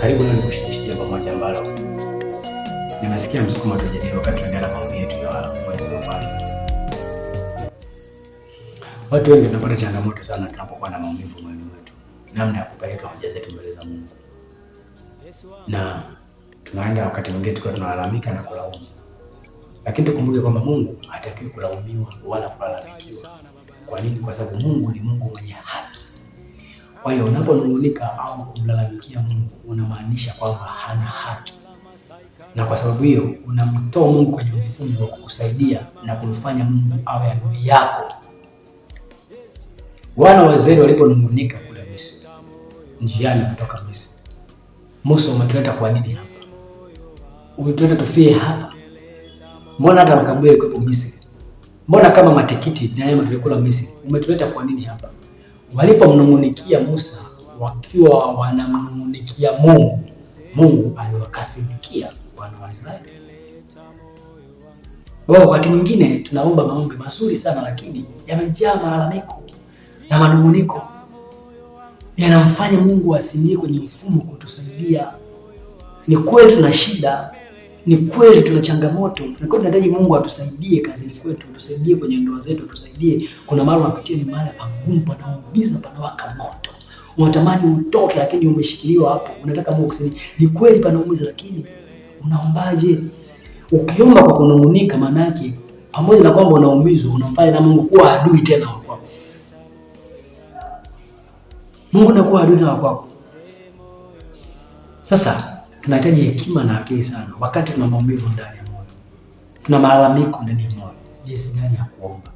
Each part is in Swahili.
karibu na nikushirikishe jambo moja ambalo nimesikia tujadili wakati maombi yetu ya mwezi wa kwanza. Watu wengi tunapata changamoto sana tunapokuwa na maumivu moyoni mwetu, namna ya kupeleka hoja zetu mbele za Mungu, na tunaenda wakati mwingine tukiwa tunalalamika na kulaumu, lakini tukumbuke kwamba Mungu hatakiwi kulaumiwa wala kulalamikiwa. Kwa nini? Kwa sababu Mungu ni Mungu mwenye haki. Kwa hiyo unaponung'unika au kumlalamikia Mungu unamaanisha kwamba hana haki, na kwa sababu hiyo unamtoa Mungu kwenye mfumo wa kukusaidia na kumfanya Mungu awe adui yako. Wana wa Israeli waliponung'unika kule Misri, njiani kutoka Misri, Musa, umetuleta kwa nini hapa? Ulituleta tufie hapa? Mbona hata makaburi yalikuwepo Misri? Mbona kama matikiti nayo tulikula Misri? Umetuleta kwa nini hapa? walipomnung'unikia Musa wakiwa wanamnung'unikia Mungu, Mungu aliwakasirikia wana wa Israeli. Wakati mwingine tunaomba maombi mazuri sana, lakini yamejaa malalamiko na manung'uniko, yanamfanya Mungu asiingie kwenye mfumo kutusaidia. Ni kweli tuna shida ni kweli tuna changamoto, tulikuwa tunahitaji Mungu atusaidie kazini kwetu, atusaidie kwenye ndoa zetu, atusaidie. Kuna mara unapitia ni mahali pagumu, panaumiza, panawaka moto, unatamani utoke, lakini umeshikiliwa hapo, unataka Mungu kusini. Ni kweli panaumiza, lakini unaombaje? Ukiomba kwa kunung'unika, maana yake pamoja na kwamba unaumizwa, unamfanya na Mungu kuwa adui tena wa kwako. Mungu anakuwa adui tena wa kwako. Sasa tunahitaji hekima na akili sana, wakati tuna maumivu ndani ya moyo, tuna malalamiko ndani ya moyo, jinsi gani ya kuomba.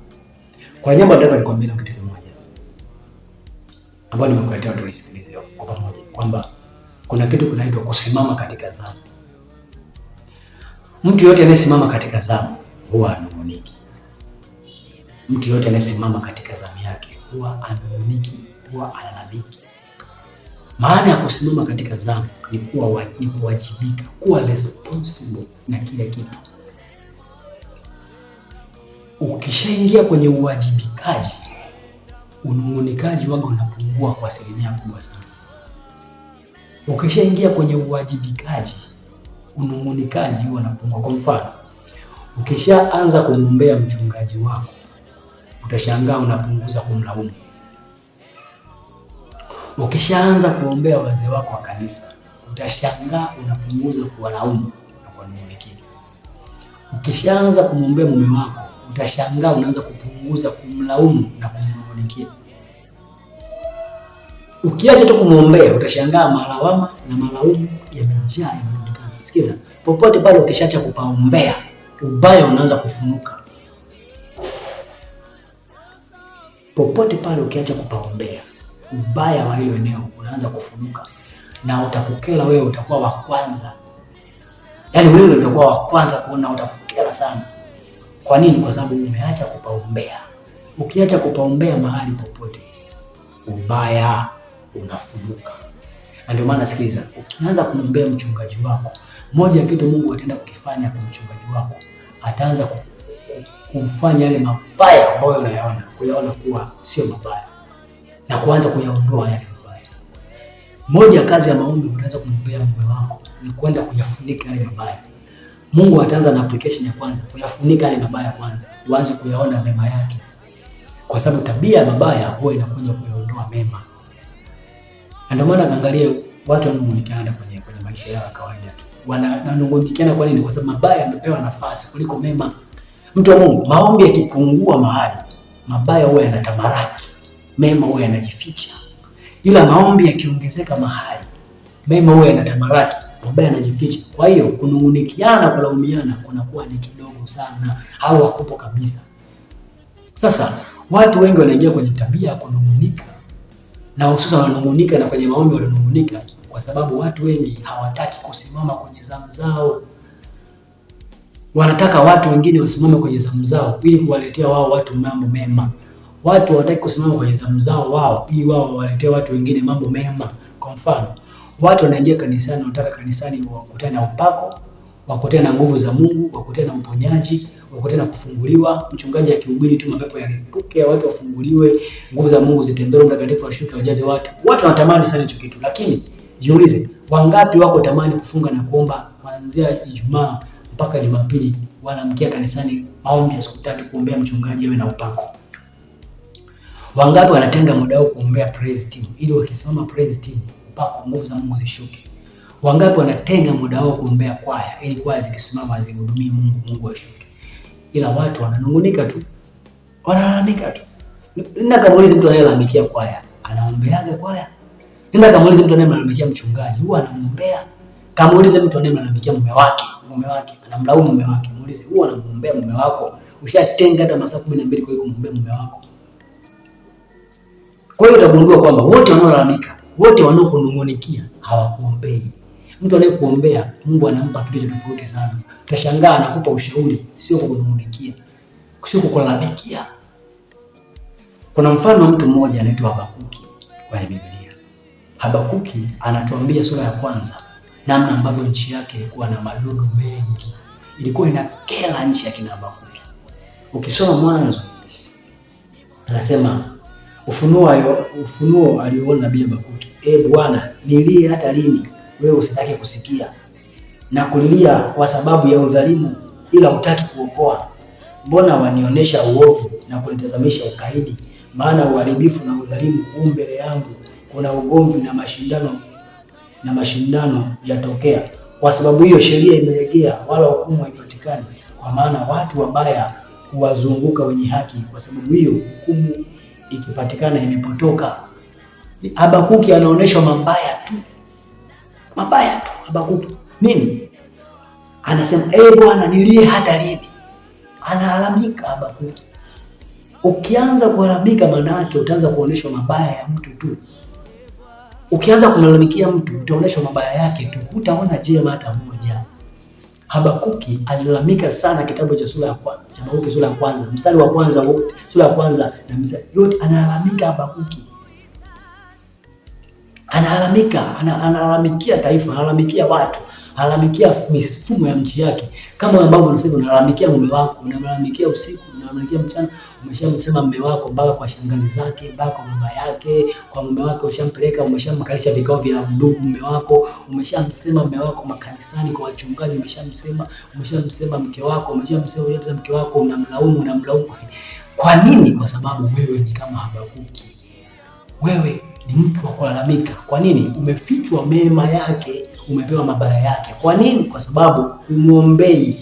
Kwa jambo ndio nilikwambia kitu kimoja ambayo nimekuletea watu tulisikilize kwa pamoja, kwamba kuna kitu kinaitwa kusimama katika zamu. Mtu yote anayesimama katika zamu huwa anunguniki. Mtu yote anayesimama katika zamu yake huwa anunguniki, huwa alalamiki. Maana ya kusimama katika zamu ni kuwa ni kuwajibika, kuwa responsible na kile kitu. Ukishaingia kwenye uwajibikaji, unung'unikaji wako unapungua kwa asilimia kubwa sana. Ukishaingia kwenye uwajibikaji, unung'unikaji huwa unapungua. Kwa mfano, ukishaanza kumwombea mchungaji wako, utashangaa unapunguza kumlaumu. Ukishaanza kuombea wazee wako wa kanisa utashangaa unapunguza kuwalaumu na wengine. Ukishaanza kumwombea mume wako, utashangaa unaanza kupunguza kumlaumu na kumnung'unikia. Ukiacha tu kumwombea, utashangaa malawama na malaumu yamejaa, yamerundikana. Sikiza, popote pale ukishaacha kupaombea, ubaya unaanza kufunuka. Popote pale ukiacha kupaombea, ubaya wa hilo eneo unaanza kufunuka na utakukela wewe, utakuwa wa kwanza. Yaani wewe utakuwa wa kwanza kuona, utakukela sana. Kwa nini? Kwa sababu umeacha kupaombea. Ukiacha kupaombea, mahali popote ubaya unafunuka. Na ndio maana sikiliza, ukianza kumwombea mchungaji wako, moja ya kitu Mungu ataenda kukifanya kwa mchungaji wako, ataanza kumfanya yale mabaya ambayo unayaona kuyaona kuwa sio mabaya na kuanza kuyaondoa yale moja ya kazi ya maombi unaweza kumwombea mume wako ni kwenda kuyafunika yale mabaya. Mungu ataanza na application ya kwanza, kuyafunika yale mabaya kwanza, uanze kuyaona mema yake, kwa sababu tabia ya mabaya huwa inakuja kuyaondoa mema. Na Ndio maana angalia watu wananungunikiana kwenye kwenye maisha yao ya kawaida tu, wananungunikiana. Kwa nini? Kwa sababu mabaya yamepewa nafasi kuliko mema. Mtu wa Mungu, maombi yakipungua mahali, mabaya huwa yanatamaraki, mema huwa yanajificha ila maombi yakiongezeka mahali mema huwa yanatamaraki, mabaya yanajificha. Kwa hiyo kunung'unikiana, kulaumiana kunakuwa ni kidogo sana au hakupo kabisa. Sasa watu wengi wanaingia kwenye tabia ya kunung'unika, na hususan wananung'unika na kwenye maombi wananung'unika, kwa sababu watu wengi hawataki kusimama kwenye zamu zao. Wanataka watu wengine wasimame kwenye zamu zao ili kuwaletea wao watu mambo mema. Watu hawataki kusimama kwenye zamu zao wao, ili wao wawaletee watu wengine mambo mema. Kwa mfano, watu wanaingia kanisani, wanataka kanisani wakutane na upako, wakutane na nguvu za Mungu, wakutane na uponyaji, wakutane na kufunguliwa. Mchungaji akihubiri tu mapepo yalipuke, watu wafunguliwe, nguvu za Mungu zitembee, mtakatifu ashuke, wajaze watu. Watu wanatamani sana hicho kitu, lakini jiulize, wangapi wako tamani kufunga na kuomba kuanzia Ijumaa mpaka Jumapili, wanamkia kanisani maombi ya siku tatu, kuombea mchungaji awe na upako. Wangapi wanatenga muda wao kuombea praise team ili wakisimama praise team mpaka nguvu za Mungu zishuke? Wangapi wanatenga muda wao kuombea kwaya ili kwaya zikisimama zihudumie Mungu, Mungu ashuke? Ila watu wananungunika tu, wanalalamika tu. Nenda kamuulize mtu anayelalamikia kwaya, anaombeaga kwaya? Nenda kamuulize mtu anayemlalamikia mchungaji, huwa anamuombea? Kamuulize mtu anayemlalamikia mume wake, mume wake anamlaumu mume wake, muulize, huwa anamuombea mume wako? Ushatenga hata masaa 12 kwa kumwombea mume wako? Kwa hiyo utagundua kwamba wote wanaolalamika, wote wanaokunung'unikia hawakuombei. Mtu anayekuombea Mungu anampa kitu cha tofauti sana. Utashangaa anakupa ushauri, sio kukunung'unikia, sio kukulalamikia. Kuna mfano wa mtu mmoja anaitwa Habakuki kwenye Biblia. Habakuki anatuambia sura ya kwanza namna ambavyo nchi yake ilikuwa na madudu mengi, ilikuwa inakera nchi ya kina Habakuki. Ukisoma Mwanzo anasema ufunuo ufunuo aliona nabii Habakuki. E Bwana, nilie hata lini, wewe usitaki kusikia na kulilia kwa sababu ya udhalimu, ila utaki kuokoa. Mbona wanionyesha uovu na kunitazamisha ukaidi? Maana uharibifu na udhalimu huu mbele yangu, kuna ugomvi na mashindano na mashindano yatokea. Kwa sababu hiyo sheria imelegea, wala hukumu haipatikani, kwa maana watu wabaya huwazunguka wenye haki. Kwa sababu hiyo hukumu ikipatikana imepotoka. Habakuki anaonyeshwa mabaya tu, mabaya tu. Habakuki nini anasema? Ee Bwana, nilie hata lini? Analalamika Habakuki. Ukianza kulalamika, maana yake utaanza kuonyeshwa mabaya ya mtu tu. Ukianza kumlalamikia mtu utaonyeshwa mabaya yake tu, utaona jema hata moja. Habakuki alilalamika sana, kitabu cha sura ya kwanza cha Baruki sura ya kwanza mstari wa kwanza sura ya kwanza na mstari yote, analalamika Habakuki, analalamika analalamikia taifa, analalamikia watu, analalamikia mifumo ya nchi yake, kama ambavyo unasema unalalamikia mume wako, unalalamikia usiku unaelekea mchana, umeshamsema mme wako mpaka kwa shangazi zake, mpaka kwa baba yake, kwa mume wake ushampeleka, umeshamkalisha vikao vya ndugu mme wako, umeshamsema mme wako makanisani, kwa wachungaji umeshamsema, umeshamsema mke wako, umeshamsema mke wako, unamlaumu, unamlaumu. Kwa nini? Kwa sababu wewe ni kama Habakuki, wewe ni mtu wa kulalamika. Kwa nini? Umefichwa mema yake, umepewa mabaya yake. Kwa nini? Kwa sababu umwombei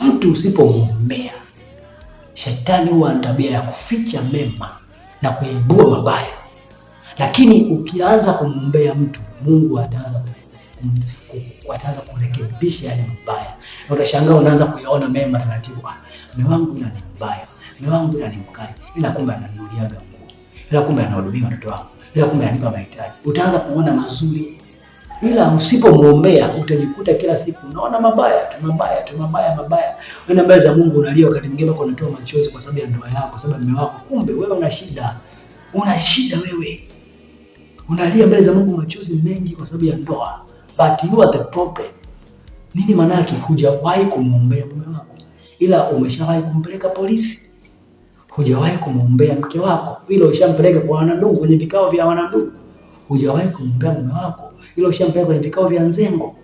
mtu usipomwombea Shetani huwa ana tabia ya kuficha mema na kuibua mabaya, lakini ukianza kumwombea mtu Mungu ataanza wataanza kurekebisha yale mabaya, na utashangaa unaanza kuyaona mema taratibu. Ah, mume wangu ila ni mbaya, mume wangu ila ni mkali, ila kumbe ananunuliaga nguo, ila kumbe anahudumia watoto wangu, ila kumbe ananipa mahitaji. Utaanza kuona mazuri ila usipomwombea utajikuta kila siku unaona mabaya tu mabaya tu mabaya mabaya. Unaenda yaani mbele za Mungu unalia, wakati mwingine kwa unatoa machozi kwa sababu ya ndoa yako, kwa sababu ya mume wako. Kumbe wewe una shida, una shida wewe, unalia mbele za Mungu machozi mengi kwa sababu ya ndoa, but you are the problem. Nini maana yake? Hujawahi kumwombea mume wako, ila umeshawahi kumpeleka polisi. Hujawahi kumwombea mke wako, ila ushampeleka kwa wanandugu, kwenye vikao vya wanandugu. Hujawahi kumwombea mume wako hilo shampa kwenye vikao vya nzengo.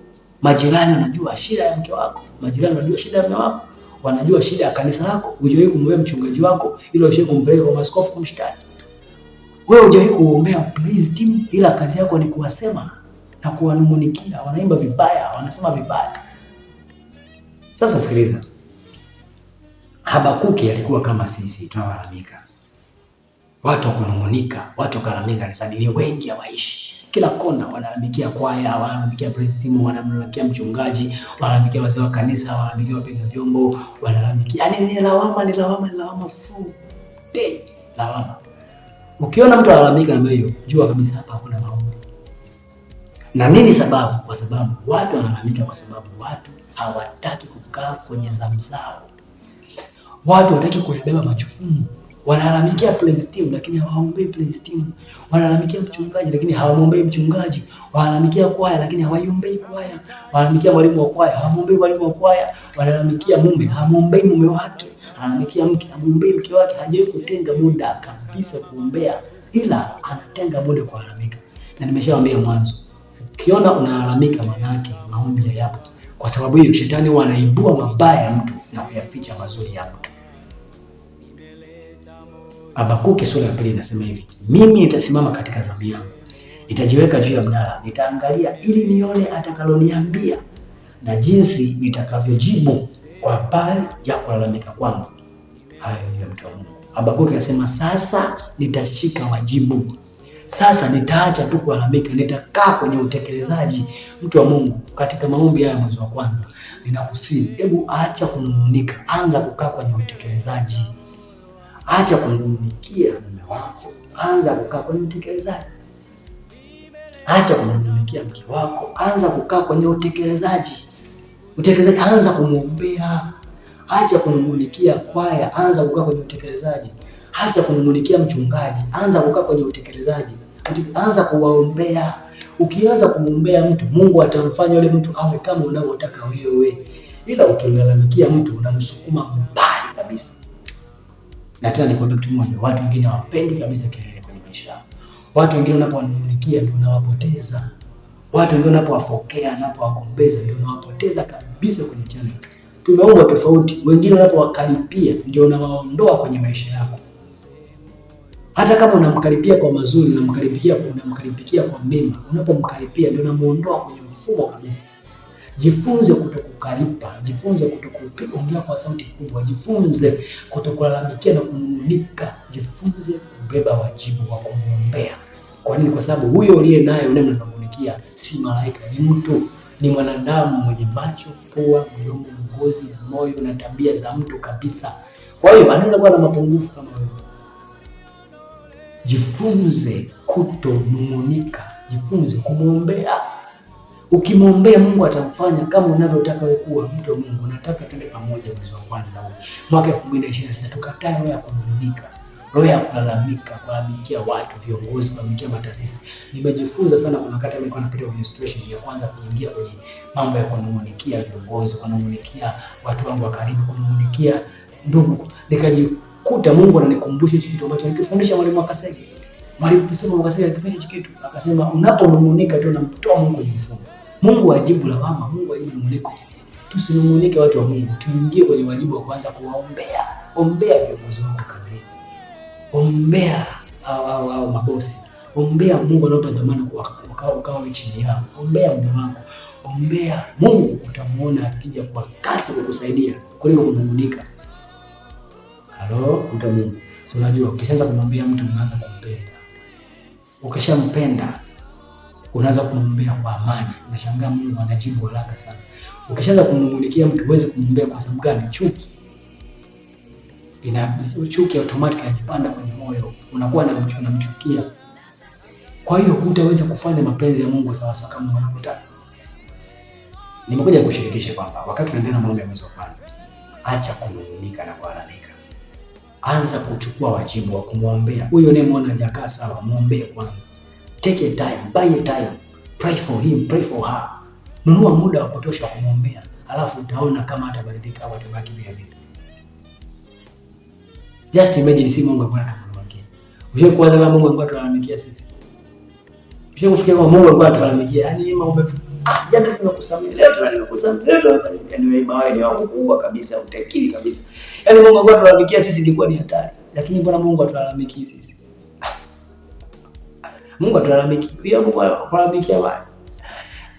Majirani wanajua shida ya mke wako, majirani wanajua shida ya mume wako, wanajua shida ya kanisa lako. Hujawahi kumwombea mchungaji wako, ila ushawahi kumpeleka kwa maskofu kumshtaki. Wewe hujawahi kuombea praise team, ila kazi yako ni kuwasema na kuwanumunikia. Wanaimba vibaya, wanasema vibaya. Sasa sikiliza, Habakuki alikuwa kama sisi tunalalamika, watu wakunung'unika, watu wakalalamika, ni wengi hawaishi kila kona wanalalamikia kwaya, wanalalamikia praise team, wanalalamikia mchungaji, wanalalamikia wazee wa kanisa, wanalalamikia wapiga vyombo, wanalalamikia yaani, ni lawama, ni lawama, ni lawama full day, lawama. Ukiona mtu analalamika namna hiyo, jua kabisa hapa kuna maombi. Na nini sababu? Kwa sababu watu wanalalamika, kwa sababu watu hawataki kukaa kwenye zamu zao, watu hawataki kuyabeba majukumu wanalalamikia praise team lakini hawaombei praise team, wanalalamikia mchungaji lakini hawamwombei mchungaji, wanalalamikia kwaya lakini hawaiombei kwaya, wanalalamikia mwalimu wa kwaya hawamwombei mwalimu wa kwaya, wanalalamikia mume hawamwombei mume wake, analalamikia mke hamwombei mke wake. Hajawahi kutenga muda kabisa kuombea, ila anatenga muda kulalamika, na nimeshawaambia mwanzo, ukiona unalalamika, maana yake maombi yapo, kwa sababu hiyo shetani huwa anaibua mabaya ya mtu na kuyaficha mazuri ya mtu. Habakuki sura ya pili inasema hivi, mimi nitasimama katika zamu yangu, nitajiweka juu ya mnara, nitaangalia ili nione atakaloniambia na jinsi nitakavyojibu kwa habari ya kulalamika kwangu. Hayo ndiyo mtu wa Mungu. Habakuki anasema sasa nitashika wajibu, sasa nitaacha tu kulalamika, nitakaa kwenye utekelezaji. Mtu wa Mungu, katika maombi haya mwezi wa kwanza, ninakusii hebu acha kunung'unika, anza kukaa kwenye utekelezaji acha kumnung'unikia mume wako, anza kukaa kwenye utekelezaji. Acha kumnung'unikia mke wako, anza kukaa kwenye utekelezaji. Utekelezaji, anza kumwombea. Acha kunung'unikia kwaya, anza kukaa kwenye utekelezaji. Acha kunung'unikia mchungaji, anza kukaa kwenye utekelezaji. Anza kuwaombea. Ukianza kumwombea mtu, Mungu atamfanya yule mtu awe kama unavyotaka wewe, ila ukimlalamikia mtu unamsukuma mbali kabisa. Na tena nikwambia kitu moja, watu wengine hawapendi kabisa kelele kwenye maisha yao. Watu wengine unapowanungunikia ndio unawapoteza. Watu wengine unapowafokea, unapowagombeza ndio unawapoteza kabisa kwenye channel. Tumeumbwa tofauti. Wengine unapowakaripia ndio unawaondoa kwenye maisha yako. Hata kama unamkaripia kwa mazuri, unamkaripikia, unamkaripikia kwa mema, unapomkaripia ndio unamuondoa kwenye mfumo kabisa. Jifunze kutokukalipa, jifunze kutokuongea kwa sauti kubwa, jifunze kutokulalamikia na kunung'unika, jifunze kubeba wajibu wa kumwombea. Kwa nini? Kwa sababu huyo uliye naye unayemnung'unikia si malaika, ni mtu, ni mwanadamu mwenye macho, pua, mdomo, ngozi, moyo na tabia za mtu kabisa. Kwa hiyo anaweza kuwa na mapungufu kama wewe. Jifunze kutonung'unika, jifunze kumwombea. Ukimwombea Mungu atamfanya kama unavyotaka wewe kuwa mtu wa Mungu. Nataka tuende pamoja mwezi wa kwanza huu mwaka 2026 tukatae roho ya kunung'unika, roho ya kulalamika, kulalamikia watu, viongozi, kulalamikia mataasisi. Nimejifunza sana, kuna wakati nilikuwa napita kwenye situation ya kwanza kuingia kwenye mambo ya kunung'unikia viongozi, kunung'unikia watu wangu wa karibu, kunung'unikia ndugu. Nikajikuta Mungu ananikumbusha hicho kitu ambacho alikifundisha mwalimu wa Kasege. Mwalimu Mwakasege alikifundisha hicho kitu, akasema unaponung'unika tu unamtoa Mungu kwenye mfumo. Mungu ajibu lawama, Mungu ajibu mliko. Tusinungunike watu wa Mungu, tuingie kwenye wajibu wa kwanza kuwaombea. Ombea viongozi wako kazini, ombea au, au, au mabosi, ombea Mungu anaopa dhamana anaotatamani ukawe chini yao, ombea mume wako, ombea Mungu. Utamuona akija kwa kasi kukusaidia kuliko kunungunika. Halo, mtu wa Mungu, si unajua ukishaanza kumwambia mtu unaanza kumpenda, ukishampenda unaanza kumwombea kwa amani. Unashangaa Mungu anajibu haraka sana. Ukishaanza kumnungunikia mtu huwezi kumwombea kwa sababu gani? Chuki ina chuki automatic inajipanda kwenye moyo, unakuwa na mtu unamchukia. Kwa hiyo hutaweza kufanya mapenzi ya Mungu sawa sawa kama unavyotaka. Nimekuja kushirikisha kwamba wakati unaendelea na maombi ya mwezi wa kwanza, acha kunung'unika na kulalamika. Anza kuchukua wajibu wa kumwombea huyo unayemwona hajakaa sawa, muombee kwanza. Take a time, buy a time. Pray for him, pray for her. Nunua muda wa kutosha kumwombea, alafu utaona kama atabadilika au atabaki vile vile. Just imagine si Mungu angekuwa anatulalamikia. Ushawahi kwa sababu Mungu angekuwa anatulalamikia sisi? Ushawahi kufikia kwa Mungu angekuwa anatulalamikia? Yaani yeye maombi ah, jana tunakusamehe, leo tunakusamehe, leo tunafanyia Yaani wema wao ni wako kubwa kabisa, utekili kabisa. Yaani Mungu angekuwa anatulalamikia sisi ilikuwa ni hatari. Lakini mbona Mungu anatulalamikia sisi? Mungu atulalamikia. Hiyo Mungu analalamikia wapi?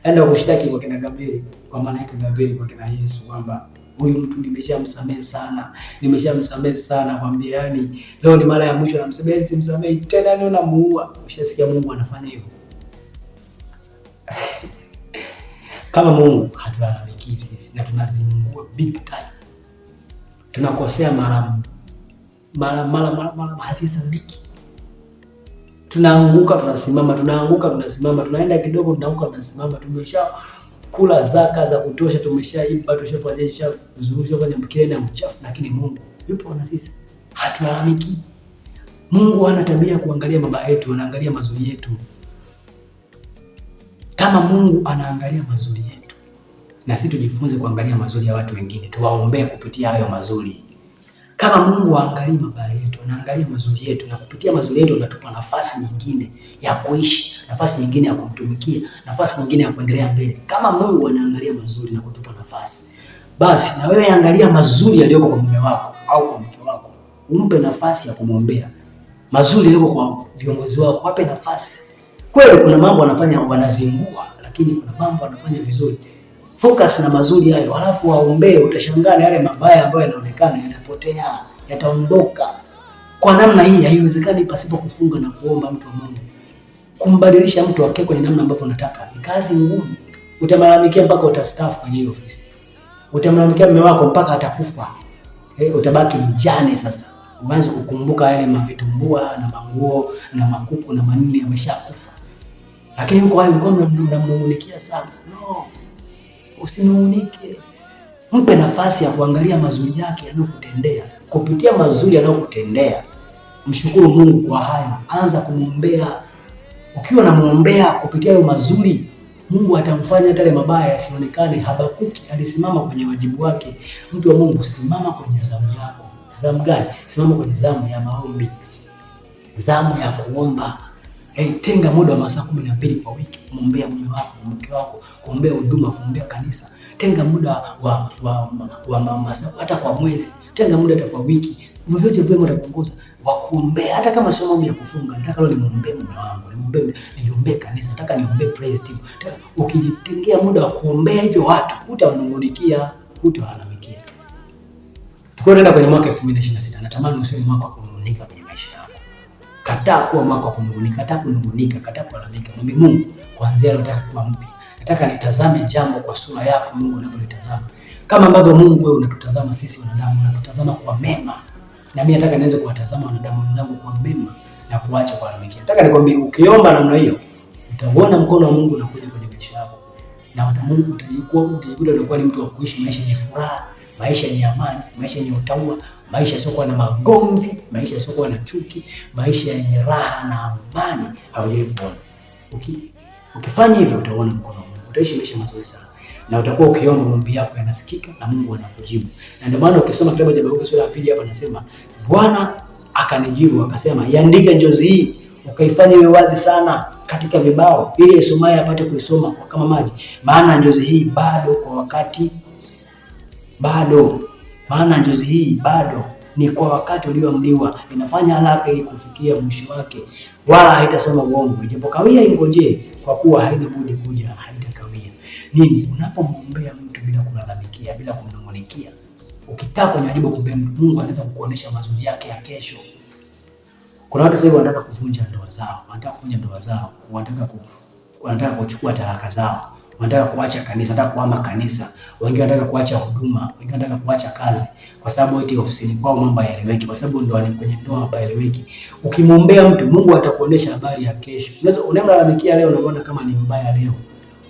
Enda kushtaki kwa kina Gabriel, kwa maana yake kwa kina Yesu kwamba huyu mtu nimeshamsamehe sana. Nimeshamsamehe sana kwambia yani leo ni mara ya mwisho namsamehe, simsamehe tena ni unamuua. Ushasikia Mungu anafanya hivyo. Kama Mungu hatulalamiki sisi na tunazingua big time. Tunakosea mara mara mara mara hazihesabiki tunaanguka tunasimama, tunaanguka tunasimama, tunaenda kidogo, tunaanguka tunasimama. Tumesha kula zaka za kutosha, tumeshaiba, tushafanyisha kuzungusha kwenye mkele na mchafu, lakini Mungu yupo na sisi, hatulalamiki. Mungu hana tabia kuangalia mabaya yetu, anaangalia mazuri yetu. Kama Mungu anaangalia mazuri yetu, na sisi tujifunze kuangalia mazuri ya watu wengine, tuwaombee kupitia hayo mazuri. Kama Mungu aangalii mabaya yetu, anaangalia mazuri yetu, na kupitia mazuri yetu anatupa nafasi nyingine ya kuishi, nafasi nyingine ya kumtumikia, nafasi nyingine ya kuendelea mbele. Kama Mungu anaangalia mazuri na kutupa nafasi, basi na wewe angalia mazuri yaliyoko kwa mume wako au kwa mke wako, umpe nafasi ya kumwombea. Mazuri yaliyoko kwa viongozi wako, wape nafasi. Kweli kuna mambo wanafanya wanazingua, lakini kuna mambo wanafanya vizuri focus na mazuri hayo, halafu waombee. Utashangaa na yale mabaya ambayo yanaonekana yatapotea, yataondoka. Kwa namna hii haiwezekani pasipo kufunga na kuomba. Mtu wa Mungu, kumbadilisha mtu wake kwenye namna ambavyo unataka ni kazi ngumu. Utamlalamikia mpaka utastaafu kwenye hiyo ofisi, utamlalamikia mume wako mpaka atakufa. Eh, utabaki mjane sasa, uanze kukumbuka yale mavitumbua na manguo na makuku na manini, yameshakufa, Lakini huko wapi? ulikuwa unamnungunikia sana no usinungunike, mpe nafasi ya kuangalia mazuri yake yanayokutendea, kupitia mazuri yanayokutendea mshukuru Mungu kwa haya, anza kumwombea. Ukiwa namwombea kupitia hayo mazuri, Mungu atamfanya yale mabaya yasionekane. Habakuki alisimama kwenye wajibu wake. Mtu wa Mungu, simama kwenye zamu yako. Zamu gani? Simama kwenye zamu ya maombi, zamu ya kuomba Hey, eh, tenga muda wa masaa kumi na mbili kwa wiki kumwombea mume wako, mke wako, kuombea huduma, kuombea kanisa. Tenga muda wa, wa, wa, wa masaa hata kwa mwezi, tenga muda hata kwa wiki, vyovyote vile utakuongoza wa kuombea, hata kama sio mambo ya kufunga. Nataka leo nimwombee mume wangu, nimwombee, niombee kanisa, nataka niombee praise team. Ukijitengea muda wa kuombea hivyo watu, utamnungunikia, utawalalamikia. Tuko tunaenda kwenye mwaka 2026 natamani usiwe mwaka wa kunungunika. Kataa kuwa mwako kunungunika, kataa kunungunika, kataa kulalamika. Mwambie Mungu, kuanzia leo nataka kuwa mpya. Nataka nitazame jambo kwa sura yako Mungu unavyolitazama. Kama ambavyo Mungu wewe unatutazama sisi wanadamu, unatutazama kwa mema. Na mimi nataka niweze kuwatazama wanadamu wenzangu kwa mema na kuacha kulalamikia. Nataka nikwambie ukiomba namna hiyo, utauona mkono wa Mungu unakuja kwenye maisha yako. Na Mungu utajikuta unakuwa ni mtu wa kuishi maisha yenye furaha, maisha yenye amani, maisha yenye utaua, maisha yasiokuwa na magomvi, maisha yasiokuwa na chuki, maisha yenye raha na amani haujawahi kuona. ukifanya hivyo utaona mkono wa Mungu, utaishi maisha mazuri sana na utakuwa ukiomba maombi yako yanasikika na Mungu anakujibu. Na ndio maana ukisoma kitabu cha Habakuki sura ya pili hapa anasema Bwana akanijibu akasema, iandike njozi hii ukaifanya iwe wazi sana katika vibao, ili asomaye apate kuisoma kwa kama maji, maana njozi hii bado kwa wakati bado maana njozi hii bado ni kwa wakati ulioamliwa, inafanya haraka ili kufikia mwisho wake, wala haitasema uongo. Ijapokawia ingoje, kwa kuwa haina budi kuja, haitakawia. Nini? Unapomwombea mtu bila kulalamikia, bila kumnung'unikia, ukitaka kwenye wajibu kumbea mtu, Mungu anaweza kukuonesha mazuri yake ya kesho. Kuna watu sasa wanataka kuvunja ndoa zao, wanataka kuvunja ndoa zao, wanataka wanataka kuchukua talaka zao wanataka kuacha kanisa, wanataka kuhama kanisa, wengine wanataka kuacha huduma, wengine wanataka kuacha kazi, kwa sababu eti ofisini kwao mambo hayaeleweki, kwa sababu ndio kwenye ndoa hapa eleweki. Ukimwombea mtu Mungu atakuonesha habari ya kesho. Unaweza unamlalamikia leo, unaona kama ni mbaya leo,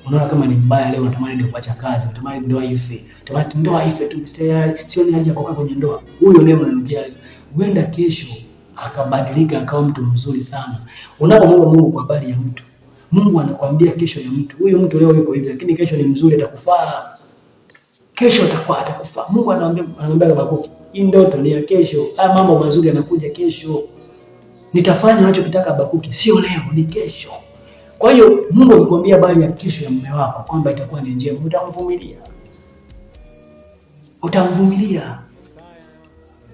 unaona kama ni mbaya leo, unatamani ndio kuacha kazi, unatamani ndoa ife, unatamani ndoa ife tu, sio ni haja kwa kwenye ndoa. Huyo naye unamlalamikia leo, huenda kesho akabadilika akawa mtu mzuri sana. Unapomwomba Mungu kwa habari ya mtu Mungu anakuambia kesho ya mtu. Huyu mtu leo yuko hivi lakini kesho ni mzuri atakufaa. Kesho atakuwa atakufaa. Mungu anaambia anaambia Habakuki, hii ndoto ni ya kesho. Haya mambo mazuri yanakuja kesho. Nitafanya unachokitaka Habakuki, sio leo, ni kesho. Kwa hiyo Mungu alikwambia bali ya kesho ya mume wako kwamba itakuwa ni njema, utamvumilia. Utamvumilia.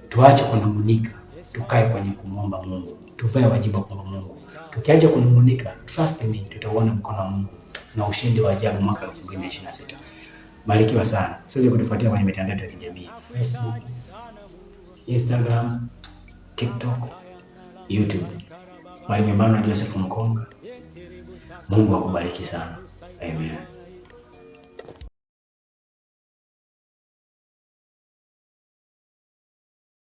Tuache kunungunika, tukae kwenye kumwomba Mungu, tuvae wajibu kwa Mungu tukiaja kunungunika, trust me, tutauona mkono wa Mungu na ushindi wa ajabu mwaka na 2026. Barikiwa sana. Usiweze kutufuatia kwenye mitandao ya kijamii Facebook, Instagram, TikTok, YouTube. Mwalimu Emmanuel Joseph Mkonga. Mungu akubariki sana. Amen.